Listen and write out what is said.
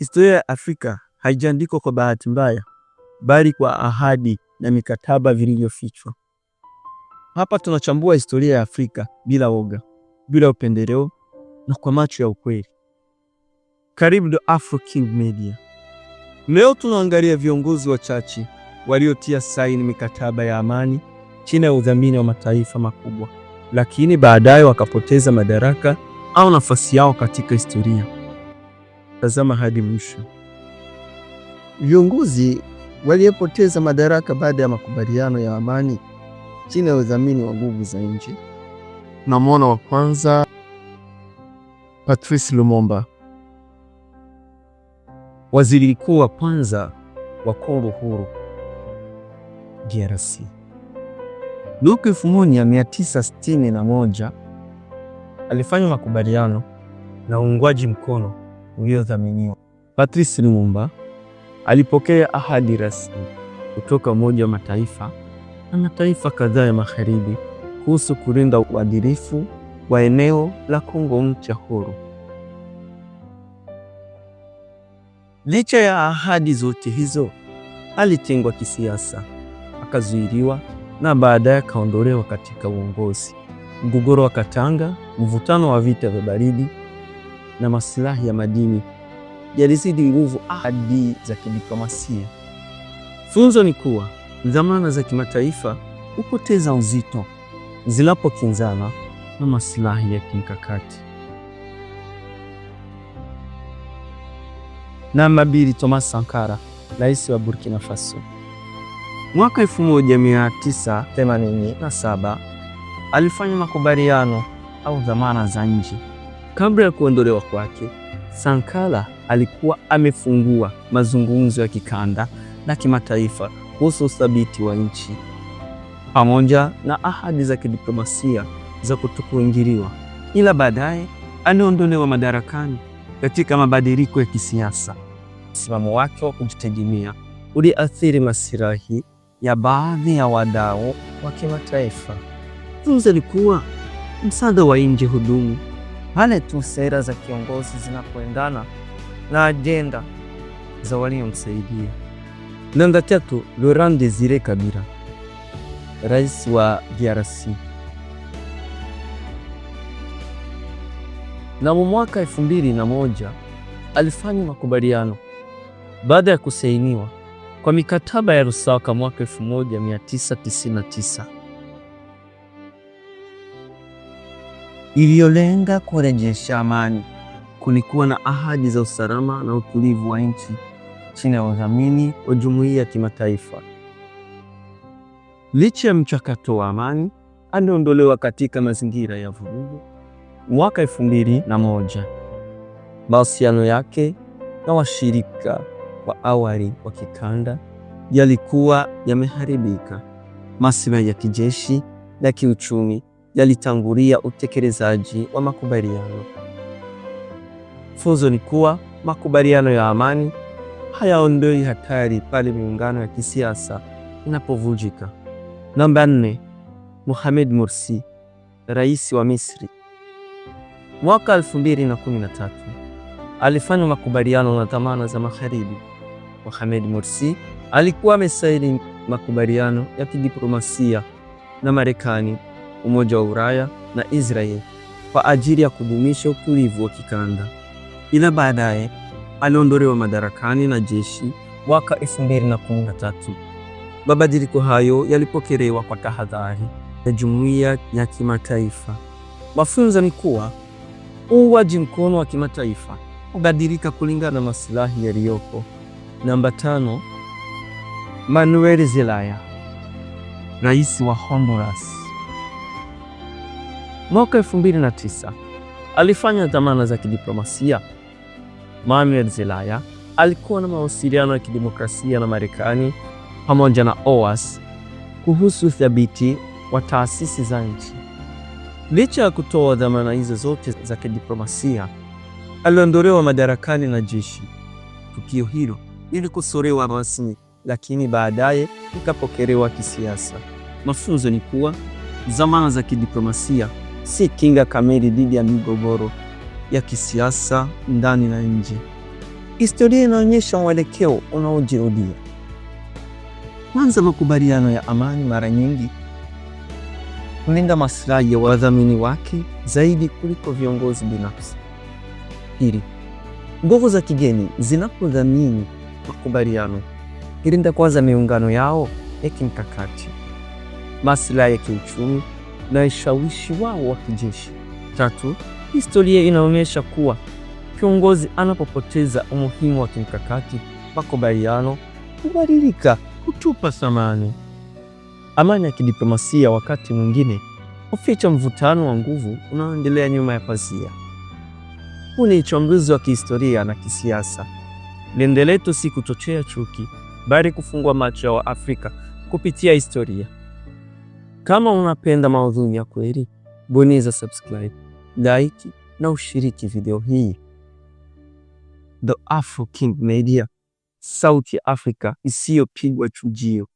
Historia ya Afrika haijaandikwa kwa bahati mbaya, bali kwa ahadi na mikataba vilivyofichwa. Hapa tunachambua historia ya Afrika bila woga, bila upendeleo na kwa macho ya ukweli. Karibu the Afro King Media. Leo tunaangalia viongozi wachache waliotia saini mikataba ya amani chini ya udhamini wa mataifa makubwa, lakini baadaye wakapoteza madaraka au nafasi yao katika historia. Tazama hadi mwisho. Viongozi waliyepoteza madaraka baada ya makubaliano ya amani chini ya udhamini wa nguvu za nje. Tunamwona wa kwanza Patrice Lumumba, waziri mkuu wa kwanza wa Kongo huru DRC. Mwaka moja alifanya makubaliano na uungwaji mkono uliyothaminiwa. Patrice Lumumba alipokea ahadi rasmi kutoka Umoja wa Mataifa na mataifa kadhaa ya magharibi kuhusu kulinda uadilifu wa eneo la Kongo mpya huru. Licha ya ahadi zote hizo, alitengwa kisiasa, akazuiliwa na baadaye akaondolewa katika uongozi. Mgogoro wa Katanga, mvutano wa vita vya baridi na masilahi ya madini yalizidi nguvu ahadi za kidiplomasia. Funzo ni kuwa dhamana za kimataifa hupoteza uzito zinapokinzana na masilahi ya kimkakati. Namba mbili. Thomas Sankara, rais wa Burkina Faso. Mwaka 1987 alifanya makubaliano au dhamana za nje Kabla ya kuondolewa kwake, Sankara alikuwa amefungua mazungumzo ya kikanda na kimataifa kuhusu uthabiti wa nchi pamoja na ahadi za kidiplomasia za kutokuingiliwa, ila baadaye aliondolewa madarakani katika mabadiliko ya kisiasa. Msimamo wake wa kujitegemea uliathiri masilahi ya baadhi ya wadau wa kimataifa. Tunzo likuwa msaada wa nje hudumu pale tu sera za kiongozi zinapoendana na ajenda za waliomsaidia. Namba tatu, Laurent Desire Kabila, rais wa DRC. Na mwaka elfu mbili na moja alifanya makubaliano baada ya kusainiwa kwa mikataba ya Lusaka mwaka 1999. iliyolenga kurejesha amani. Kulikuwa na ahadi za usalama na utulivu wa nchi chini ya udhamini wa jumuiya ya kimataifa. Licha ya mchakato wa amani, aliondolewa katika mazingira ya vurugu mwaka elfu mbili na moja. Mahusiano yake na washirika wa awali wa kikanda yalikuwa yameharibika, maslahi ya kijeshi na kiuchumi yalitangulia utekelezaji wa makubaliano. Funzo ni kuwa makubaliano ya amani hayaondoi hatari pale miungano ya kisiasa inapovunjika. Namba nne. Mohamed Morsi, rais wa Misri, mwaka 2013 alifanya makubaliano na dhamana za magharibi. Mohamed Morsi alikuwa amesaini makubaliano ya kidiplomasia na Marekani Umoja wa Ulaya na Israeli kwa ajili ya kudumisha utulivu wa kikanda, ila baadaye aliondolewa madarakani na jeshi mwaka 2013. Mabadiliko hayo yalipokelewa kwa tahadhari ya jumuiya ya kimataifa. Mafunzo ni kuwa uwaji mkono wa kimataifa hubadilika kulingana na masilahi yaliyopo. Namba tano, Manuel Zelaya, rais wa Honduras Mwaka 2009 alifanya dhamana za kidiplomasia. Manuel Zelaya alikuwa na mawasiliano ya kidemokrasia na Marekani pamoja na OAS kuhusu uthabiti wa taasisi za nchi. Licha ya kutoa dhamana hizo zote za kidiplomasia, aliondolewa madarakani na jeshi. Tukio hilo lilikosolewa rasmi, lakini baadaye ikapokelewa kisiasa. Mafunzo ni kuwa dhamana za kidiplomasia si kinga kamili dhidi ya migogoro ya kisiasa ndani na nje. Historia inaonyesha mwelekeo unaojirudia. Kwanza, makubaliano ya amani mara nyingi kulinda maslahi ya wadhamini wake zaidi kuliko viongozi binafsi. Pili, nguvu za kigeni zinapodhamini makubaliano ilinda kwanza miungano yao ya kimkakati, maslahi ya kiuchumi na ushawishi wao wa kijeshi. Tatu, historia inaonyesha kuwa kiongozi anapopoteza umuhimu wa kimkakati, makubaliano hubadilika kutupa samani Amani ya kidiplomasia wakati mwingine huficha mvutano wa nguvu unaoendelea nyuma ya pazia. Huu ni uchambuzi wa kihistoria na kisiasa. Lengo letu si kuchochea chuki, bali kufungua macho ya Waafrika kupitia historia. Kama unapenda maudhui ya kweli, bonyeza subscribe, like na ushiriki video hii. The Afro King Media, sauti ya Afrika isiyopigwa chujio.